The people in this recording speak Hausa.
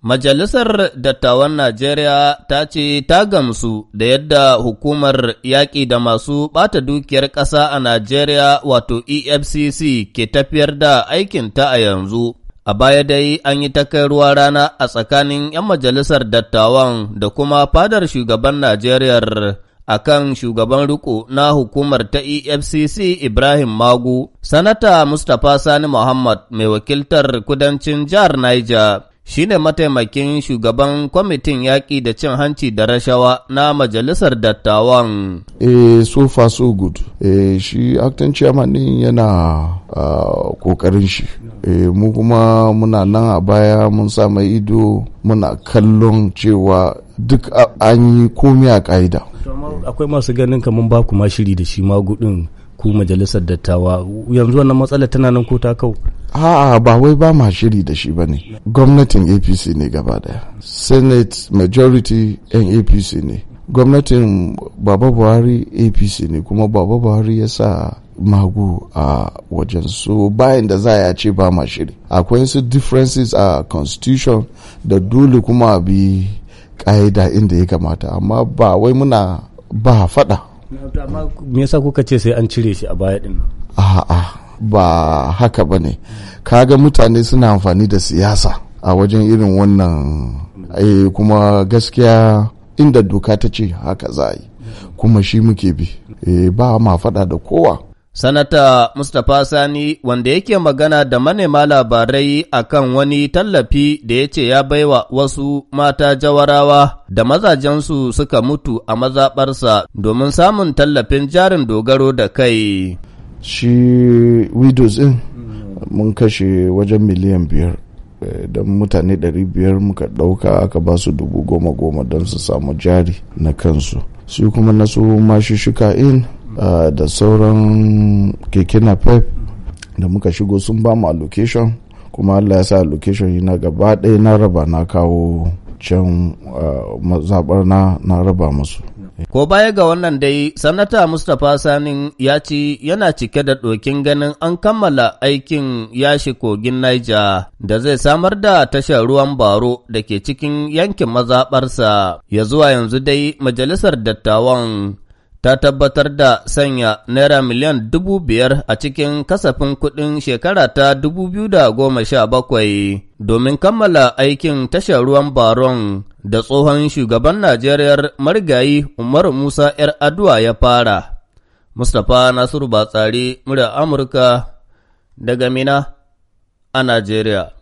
Majalisar Dattawan Najeriya ta ce ta gamsu da yadda hukumar yaƙi da masu ɓata dukiyar ƙasa a Najeriya wato EFCC ke tafiyar da aikinta a yanzu. A baya dai an yi ta kai ruwa rana a tsakanin 'yan majalisar dattawan da kuma fadar shugaban Najeriya a kan shugaban riko na hukumar ta EFCC Ibrahim Magu, Sanata Mustapha Sani Muhammad mai wakiltar kudancin jihar Niger. shi ne mataimakin shugaban kwamitin yaƙi da cin hanci da rashawa na majalisar dattawan. E, so far so good. E, shi acting chairman yana uh, shi. E, mu kuma muna nan a baya mun sami ido muna kallon cewa duk an yi komi a ƙa'ida. Akwai masu ganin kamar ba ma shiri da shi ma magudin ku majalisar dattawa yanzu wannan matsalar tana nan ko ta kau. a'a ba wai ba ma shiri da shi ba ne gwamnatin apc ne gaba daya senate majority yan apc ne gwamnatin baba buhari apc ne kuma baba buhari ya sa magu a wajen so bayan da za a ce ba ma shiri akwai su differences a constitution da dole kuma a bi ƙa'ida inda ya kamata amma ba wai muna ba faɗa me yasa kuka ce sai an cire shi a baya din a'a ba haka ba ne kaga mutane suna amfani da siyasa a wajen irin wannan e, kuma gaskiya inda doka ta ce haka za a yi kuma shi muke bi e, ba ma faɗa da kowa Sanata Mustapha Sani wanda yake magana da manema labarai akan wani tallafi da ya ce ya baiwa wasu mata jawarawa da mazajensu suka mutu a mazaɓarsa domin samun tallafin jarin dogaro da kai. shi widows din mun kashe wajen miliyan biyar eh, don mutane biyar muka ɗauka aka ba su dubu goma goma don su samu jari na kansu su kuma na su mashushuka in ah, da sauran keke na pep da muka shigo sun ba mu allocation kuma allah ya sa allocation na gaba ɗaya na raba na kawo can ah, zaɓar na raba musu Ko baya ga wannan dai, Sanata Mustapha Sanin ya ci yana cike da ɗokin ganin an kammala aikin yashi kogin Niger da zai samar da tashar ruwan baro da ke cikin yankin mazaɓarsa. Ya zuwa yanzu dai Majalisar Dattawan ta tabbatar da sanya Naira miliyan dubu biyar a cikin kasafin kuɗin shekara ta dubu biyu da goma sha bakwai domin kammala aikin tashar ruwan baron. da tsohon shugaban Najeriya marigayi Umar Musa ‘yar Adua ya fara, Mustapha Nasiru Batsari, murya Amurka daga Mina a Najeriya.